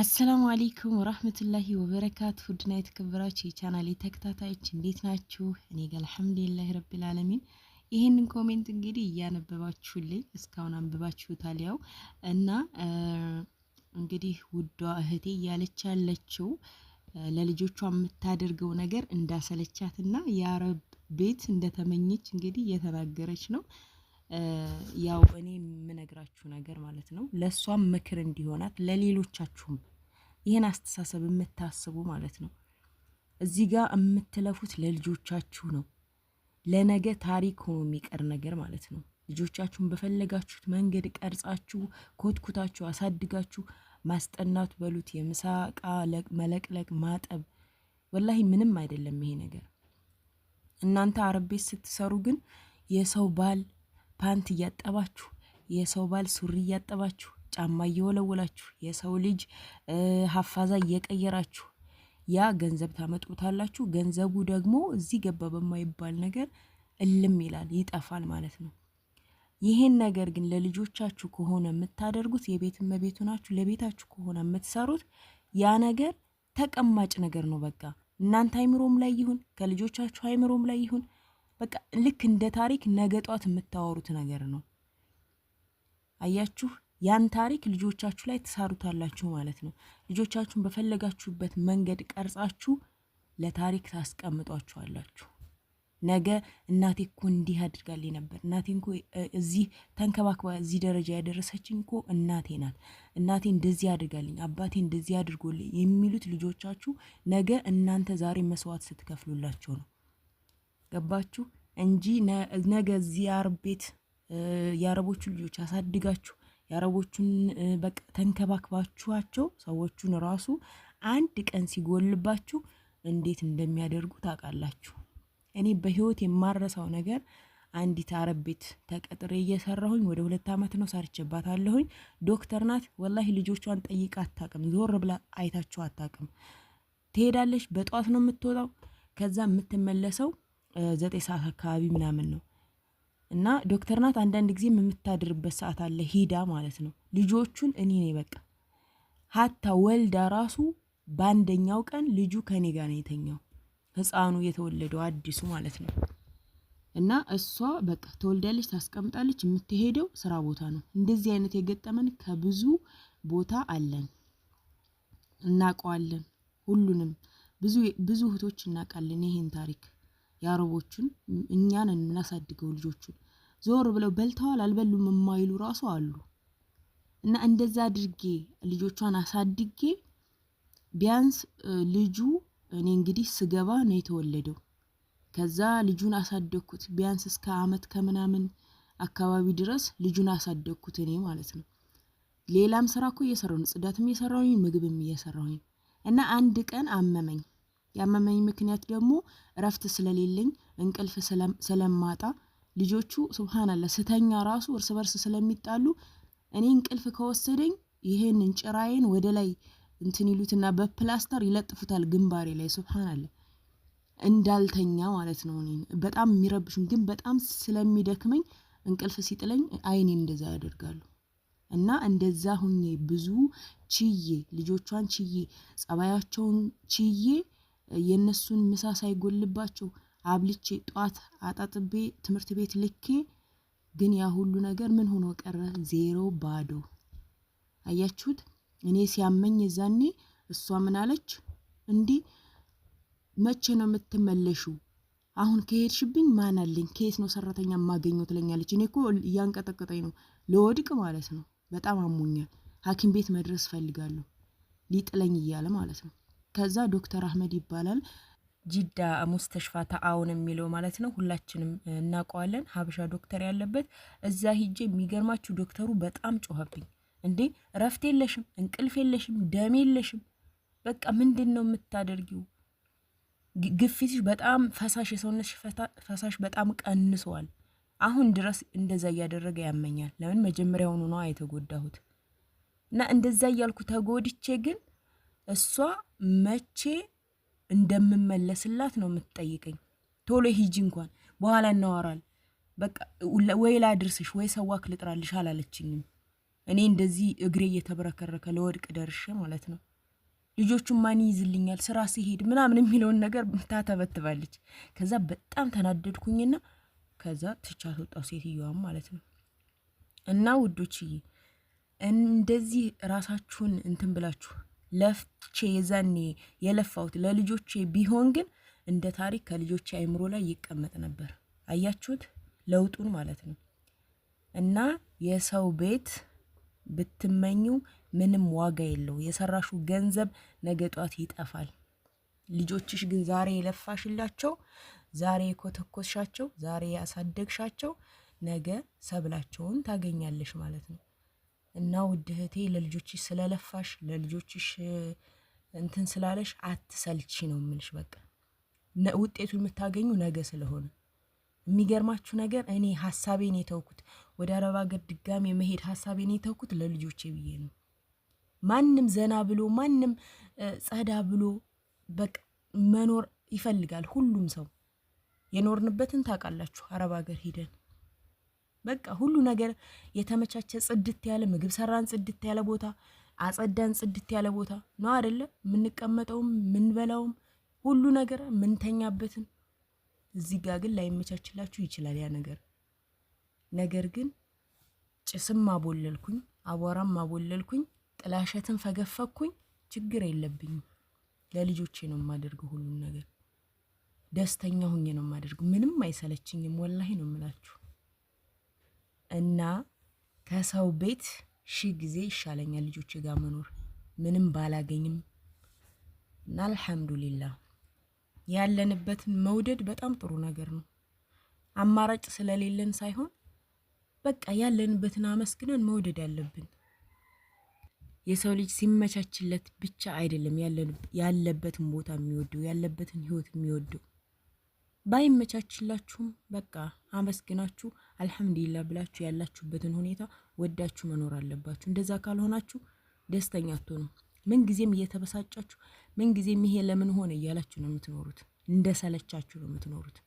አሰላሙ አሌይኩም ወራህመቱላሂ ወበረካቱ ውድና የተከበራችሁ የቻናል ተከታታዮች እንዴት ናችሁ? እኔ ጋር አልሐምዱሊላህ ረብል አለሚን ይህንን ኮሜንት እንግዲህ እያነበባችሁልኝ እስካሁን አንብባችሁታል። ያው እና እንግዲህ ውዷ እህቴ እያለች ያለችው ለልጆቿ የምታደርገው ነገር እንዳሰለቻትና የአረብ ቤት እንደተመኘች እንግዲህ እየተናገረች ነው። ያው እኔ የምነግራችሁ ነገር ማለት ነው ለእሷም ምክር እንዲሆናት ለሌሎቻችሁም ይህን አስተሳሰብ የምታስቡ ማለት ነው እዚህ ጋር የምትለፉት ለልጆቻችሁ ነው። ለነገ ታሪክ ሆኖ የሚቀር ነገር ማለት ነው። ልጆቻችሁን በፈለጋችሁት መንገድ ቀርጻችሁ፣ ኮትኩታችሁ፣ አሳድጋችሁ ማስጠናት በሉት የምሳ ዕቃ መለቅለቅ፣ ማጠብ ወላሂ ምንም አይደለም ይሄ ነገር። እናንተ አረብ ቤት ስትሰሩ ግን የሰው ባል ፓንት እያጠባችሁ የሰው ባል ሱሪ እያጠባችሁ ጫማ እየወለወላችሁ የሰው ልጅ ሀፋዛ እየቀየራችሁ ያ ገንዘብ ታመጡታላችሁ። ገንዘቡ ደግሞ እዚህ ገባ በማይባል ነገር እልም ይላል፣ ይጠፋል ማለት ነው። ይህን ነገር ግን ለልጆቻችሁ ከሆነ የምታደርጉት የቤት እመቤቱ ናችሁ፣ ለቤታችሁ ከሆነ የምትሰሩት ያ ነገር ተቀማጭ ነገር ነው። በቃ እናንተ አይምሮም ላይ ይሁን ከልጆቻችሁ አይምሮም ላይ ይሁን በቃ ልክ እንደ ታሪክ ነገ ጧት የምታወሩት ነገር ነው። አያችሁ፣ ያን ታሪክ ልጆቻችሁ ላይ ትሳሩታላችሁ ማለት ነው። ልጆቻችሁን በፈለጋችሁበት መንገድ ቀርጻችሁ ለታሪክ ታስቀምጧችኋላችሁ። ነገ እናቴ እኮ እንዲህ አድርጋልኝ ነበር፣ እናቴ እኮ እዚህ ተንከባክባ እዚህ ደረጃ ያደረሰችኝ እኮ እናቴ ናት፣ እናቴ እንደዚህ አድርጋልኝ፣ አባቴ እንደዚህ አድርጎልኝ የሚሉት ልጆቻችሁ ነገ እናንተ ዛሬ መስዋዕት ስትከፍሉላቸው ነው። ገባችሁ እንጂ ነገ እዚህ የአረብ ቤት የአረቦቹን ልጆች አሳድጋችሁ የአረቦቹን በቃ ተንከባክባችኋቸው ሰዎቹን ራሱ አንድ ቀን ሲጎልባችሁ እንዴት እንደሚያደርጉ ታውቃላችሁ። እኔ በህይወት የማረሳው ነገር አንዲት አረብ ቤት ተቀጥሬ እየሰራሁኝ ወደ ሁለት ዓመት ነው ሰርቼባታለሁኝ። ዶክተር ናት። ወላሂ ልጆቿን ጠይቃ አታቅም፣ ዞር ብላ አይታችሁ አታቅም። ትሄዳለች፣ በጠዋት ነው የምትወጣው። ከዛ የምትመለሰው ዘጠኝ ሰዓት አካባቢ ምናምን ነው እና ዶክተር ናት አንዳንድ ጊዜ የምታድርበት ሰዓት አለ ሂዳ ማለት ነው። ልጆቹን እኔ ነኝ በቃ ሀታ ወልዳ ራሱ በአንደኛው ቀን ልጁ ከኔ ጋር ነው የተኛው፣ ህፃኑ የተወለደው አዲሱ ማለት ነው። እና እሷ በቃ ተወልዳለች፣ ታስቀምጣለች፣ የምትሄደው ስራ ቦታ ነው። እንደዚህ አይነት የገጠመን ከብዙ ቦታ አለን፣ እናውቀዋለን። ሁሉንም ብዙ ብዙ እህቶች እናውቃለን ይህን ታሪክ የአረቦቹን እኛን የምናሳድገው ልጆቹን ዞር ብለው በልተዋል አልበሉም የማይሉ ራሱ አሉ። እና እንደዛ አድርጌ ልጆቿን አሳድጌ ቢያንስ ልጁ እኔ እንግዲህ ስገባ ነው የተወለደው። ከዛ ልጁን አሳደግኩት ቢያንስ እስከ አመት ከምናምን አካባቢ ድረስ ልጁን አሳደግኩት እኔ ማለት ነው። ሌላም ስራ እኮ እየሰራሁኝ፣ ጽዳትም እየሰራሁኝ፣ ምግብም እየሰራሁኝ እና አንድ ቀን አመመኝ። ያመመኝ ምክንያት ደግሞ እረፍት ስለሌለኝ እንቅልፍ ስለማጣ ልጆቹ ስብሃናላ ስተኛ ራሱ እርስ በርስ ስለሚጣሉ እኔ እንቅልፍ ከወሰደኝ ይሄንን ጭራዬን ወደ ላይ እንትን ይሉትና በፕላስተር ይለጥፉታል ግንባሬ ላይ ስብሃናላ እንዳልተኛ ማለት ነው። እኔ በጣም የሚረብሹኝ ግን በጣም ስለሚደክመኝ እንቅልፍ ሲጥለኝ አይኔ እንደዛ ያደርጋሉ። እና እንደዛ ሁኜ ብዙ ችዬ ልጆቿን ችዬ ጸባያቸውን ችዬ የእነሱን ምሳ ሳይጎልባቸው አብልቼ ጧት አጣጥቤ ትምህርት ቤት ልኬ፣ ግን ያ ሁሉ ነገር ምን ሆኖ ቀረ? ዜሮ ባዶ። አያችሁት? እኔ ሲያመኝ የዛኔ እሷ ምን አለች? እንዲህ መቼ ነው የምትመለሹ? አሁን ከሄድሽብኝ ማን አለኝ? ከየት ነው ሰራተኛ የማገኘው? ትለኛለች። እኔ እኮ እያንቀጠቀጠኝ ነው፣ ለወድቅ ማለት ነው። በጣም አሞኛል፣ ሐኪም ቤት መድረስ ፈልጋለሁ፣ ሊጥለኝ እያለ ማለት ነው። ከዛ ዶክተር አህመድ ይባላል ጂዳ ሙስተሽፋ ተአውን የሚለው ማለት ነው። ሁላችንም እናውቀዋለን። ሀበሻ ዶክተር ያለበት እዛ ሂጄ የሚገርማችሁ ዶክተሩ በጣም ጮኸብኝ። እንዴ እረፍት የለሽም፣ እንቅልፍ የለሽም፣ ደም የለሽም፣ በቃ ምንድን ነው የምታደርጊው? ግፊትሽ በጣም ፈሳሽ፣ የሰውነት ፈሳሽ በጣም ቀንሰዋል። አሁን ድረስ እንደዛ እያደረገ ያመኛል። ለምን መጀመሪያውኑ ነው የተጎዳሁት እና እንደዛ እያልኩ ተጎድቼ ግን እሷ መቼ እንደምመለስላት ነው የምትጠይቀኝ። ቶሎ ሂጂ እንኳን በኋላ እናወራል፣ በቃ ወይ ላድርስሽ ወይ ሰዋክ ልጥራልሽ አላለችኝም። እኔ እንደዚህ እግሬ እየተብረከረከ ለወድቅ ደርሽ ማለት ነው ልጆቹን ማን ይዝልኛል? ስራ ሲሄድ ምናምን የሚለውን ነገር ታተበትባለች። ከዛ በጣም ተናደድኩኝና ከዛ ትቻት ወጣው ሴትዮዋም ማለት ነው። እና ውዶችዬ እንደዚህ ራሳችሁን እንትን ብላችሁ ለፍቼ የዛኔ የለፋሁት ለልጆቼ ቢሆን ግን እንደ ታሪክ ከልጆቼ አይምሮ ላይ ይቀመጥ ነበር። አያችሁት ለውጡን ማለት ነው። እና የሰው ቤት ብትመኙ ምንም ዋጋ የለው። የሰራሹ ገንዘብ ነገ ጧት ይጠፋል። ልጆችሽ ግን ዛሬ የለፋሽላቸው፣ ዛሬ የኮተኮስሻቸው፣ ዛሬ ያሳደግሻቸው ነገ ሰብላቸውን ታገኛለሽ ማለት ነው። እና ውድ እህቴ ለልጆችሽ ስለለፋሽ ለልጆችሽ እንትን ስላለሽ አትሰልቺ ነው የምልሽ። በቃ ውጤቱ የምታገኙ ነገ ስለሆነ የሚገርማችሁ ነገር እኔ ሀሳቤን የተውኩት ወደ አረብ ሀገር ድጋሜ መሄድ ሀሳቤን የተውኩት ለልጆቼ ብዬ ነው። ማንም ዘና ብሎ ማንም ጸዳ ብሎ በቃ መኖር ይፈልጋል ሁሉም ሰው። የኖርንበትን ታውቃላችሁ አረብ ሀገር ሂደን በቃ ሁሉ ነገር የተመቻቸ ጽድት ያለ ምግብ ሰራን፣ ጽድት ያለ ቦታ አጸዳን፣ ጽድት ያለ ቦታ ነው አይደለ? የምንቀመጠውም የምንበላውም ሁሉ ነገር ምንተኛበትም። እዚህ ጋር ግን ላይመቻችላችሁ ይችላል ያ ነገር። ነገር ግን ጭስም አቦለልኩኝ፣ አቧራም አቦለልኩኝ፣ ጥላሸትን ፈገፈኩኝ፣ ችግር የለብኝም። ለልጆቼ ነው የማደርገው ሁሉን ነገር ደስተኛ ሁኜ ነው የማደርገው። ምንም አይሰለችኝም። ወላሂ ነው የምላችሁ። እና ከሰው ቤት ሺህ ጊዜ ይሻለኛል ልጆች ጋር መኖር ምንም ባላገኝም እና አልሐምዱሊላ ያለንበትን መውደድ በጣም ጥሩ ነገር ነው። አማራጭ ስለሌለን ሳይሆን በቃ ያለንበትን አመስግነን መውደድ አለብን። የሰው ልጅ ሲመቻችለት ብቻ አይደለም ያለበትን ቦታ የሚወደው ያለበትን ህይወት የሚወደው ባይመቻችላችሁም በቃ አመስግናችሁ አልሐምዱሊላ ብላችሁ ያላችሁበትን ሁኔታ ወዳችሁ መኖር አለባችሁ። እንደዛ ካልሆናችሁ ደስተኛ አትሆኑ። ምንጊዜም እየተበሳጫችሁ፣ ምንጊዜም ይሄ ለምን ሆነ እያላችሁ ነው የምትኖሩት። እንደሰለቻችሁ ነው የምትኖሩት።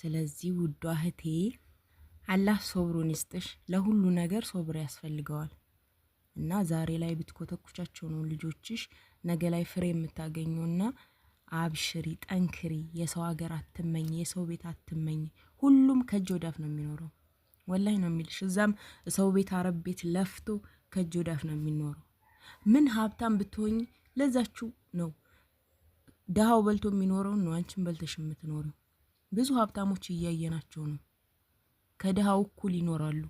ስለዚህ ውዷ እህቴ አላህ ሶብሩን ይስጥሽ። ለሁሉ ነገር ሶብር ያስፈልገዋል እና ዛሬ ላይ ብትኮተኩቻቸው ነው ልጆችሽ ነገ ላይ ፍሬ የምታገኙና አብሽሪ፣ ጠንክሪ። የሰው ሀገር አትመኝ፣ የሰው ቤት አትመኝ። ሁሉም ከእጅ ወዳፍ ነው የሚኖረው። ወላይ ነው የሚልሽ። እዛም ሰው ቤት አረብ ቤት ለፍቶ ከእጅ ወዳፍ ነው የሚኖረው። ምን ሀብታም ብትሆኝ ለዛችሁ ነው። ድሃው በልቶ የሚኖረው ነው አንቺን በልተሽ የምትኖረው። ብዙ ሀብታሞች እያየናቸው ነው። ከድሃው እኩል ይኖራሉ፣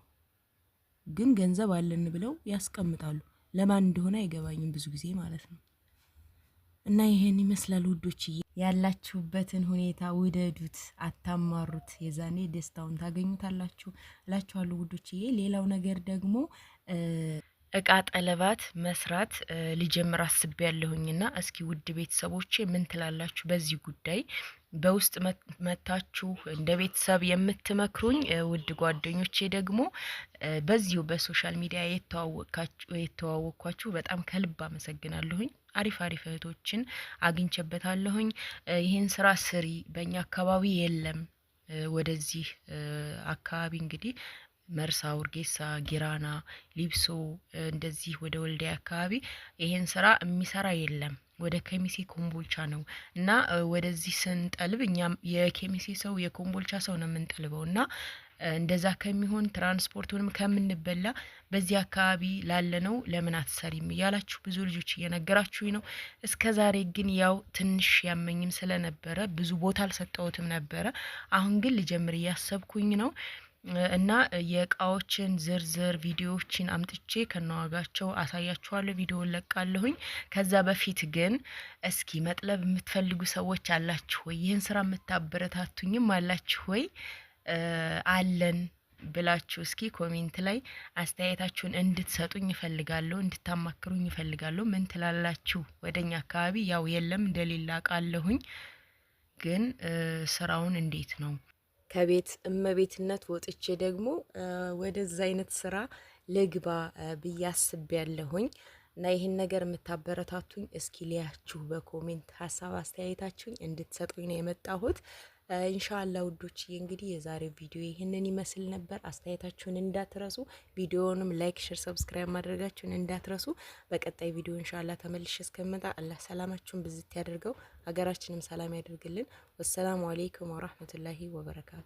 ግን ገንዘብ አለን ብለው ያስቀምጣሉ። ለማን እንደሆነ አይገባኝም ብዙ ጊዜ ማለት ነው። እና ይሄን ይመስላል ውዶችዬ። ያላችሁበትን ሁኔታ ውደዱት፣ አታማሩት። የዛኔ ደስታውን ታገኙታላችሁ እላችኋለሁ ውዶችዬ። ሌላው ነገር ደግሞ እቃ ጠለባት መስራት ሊጀምር አስቤያለሁኝና እስኪ ውድ ቤተሰቦቼ ምን ትላላችሁ በዚህ ጉዳይ? በውስጥ መታችሁ እንደ ቤተሰብ የምትመክሩኝ ውድ ጓደኞቼ ደግሞ በዚሁ በሶሻል ሚዲያ የተዋወቅኳችሁ በጣም ከልብ አመሰግናለሁኝ። አሪፍ አሪፍ እህቶችን አግኝቼበታለሁኝ። ይህን ስራ ስሪ፣ በእኛ አካባቢ የለም። ወደዚህ አካባቢ እንግዲህ መርሳ፣ ውርጌሳ፣ ጊራና፣ ሊብሶ እንደዚህ ወደ ወልዲያ አካባቢ ይሄን ስራ የሚሰራ የለም። ወደ ኬሚሴ ኮምቦልቻ ነው እና ወደዚህ ስንጠልብ እኛም የኬሚሴ ሰው የኮምቦልቻ ሰው ነው የምንጠልበው እና እንደዛ ከሚሆን ትራንስፖርቱንም ከምንበላ በዚህ አካባቢ ነው ለምን አትሰሪም እያላችሁ ብዙ ልጆች እየነገራችሁኝ ነው። እስከ ዛሬ ግን ያው ትንሽ ያመኝም ስለነበረ ብዙ ቦታ አልሰጠሁትም ነበረ። አሁን ግን ልጀምር እያሰብኩኝ ነው። እና የእቃዎችን ዝርዝር ቪዲዮዎችን አምጥቼ ከነዋጋቸው አሳያችኋለሁ። ቪዲዮ ለቃለሁኝ። ከዛ በፊት ግን እስኪ መጥለብ የምትፈልጉ ሰዎች አላችሁ ወይ? ይህን ስራ የምታበረታቱኝም አላችሁ ወይ? አለን ብላችሁ እስኪ ኮሜንት ላይ አስተያየታችሁን እንድትሰጡኝ ይፈልጋለሁ፣ እንድታማክሩኝ ይፈልጋለሁ። ምን ትላላችሁ? ወደኛ አካባቢ ያው የለም እንደሌላ ቃለሁኝ ግን ስራውን እንዴት ነው ከቤት እመቤትነት ወጥቼ ደግሞ ወደዛ አይነት ስራ ልግባ ብዬ አስቤ ያለሁኝ እና ይህን ነገር የምታበረታቱኝ እስኪ ሊያችሁ በኮሜንት ሀሳብ አስተያየታችሁኝ እንድትሰጡኝ ነው የመጣሁት። ኢንሻአላ ውዶችዬ፣ እንግዲህ የዛሬ ቪዲዮ ይህንን ይመስል ነበር። አስተያየታችሁን እንዳትረሱ፣ ቪዲዮውንም ላይክ፣ ሼር፣ ሰብስክራይብ ማድረጋችሁን እንዳትረሱ። በቀጣይ ቪዲዮ ኢንሻአላ ተመልሼ እስከምመጣ አላህ ሰላማችሁን ብዝት ያደርገው፣ ሀገራችንም ሰላም ያደርግልን። ወሰላሙ አሌይኩም ወራህመቱላሂ ወበረካቱ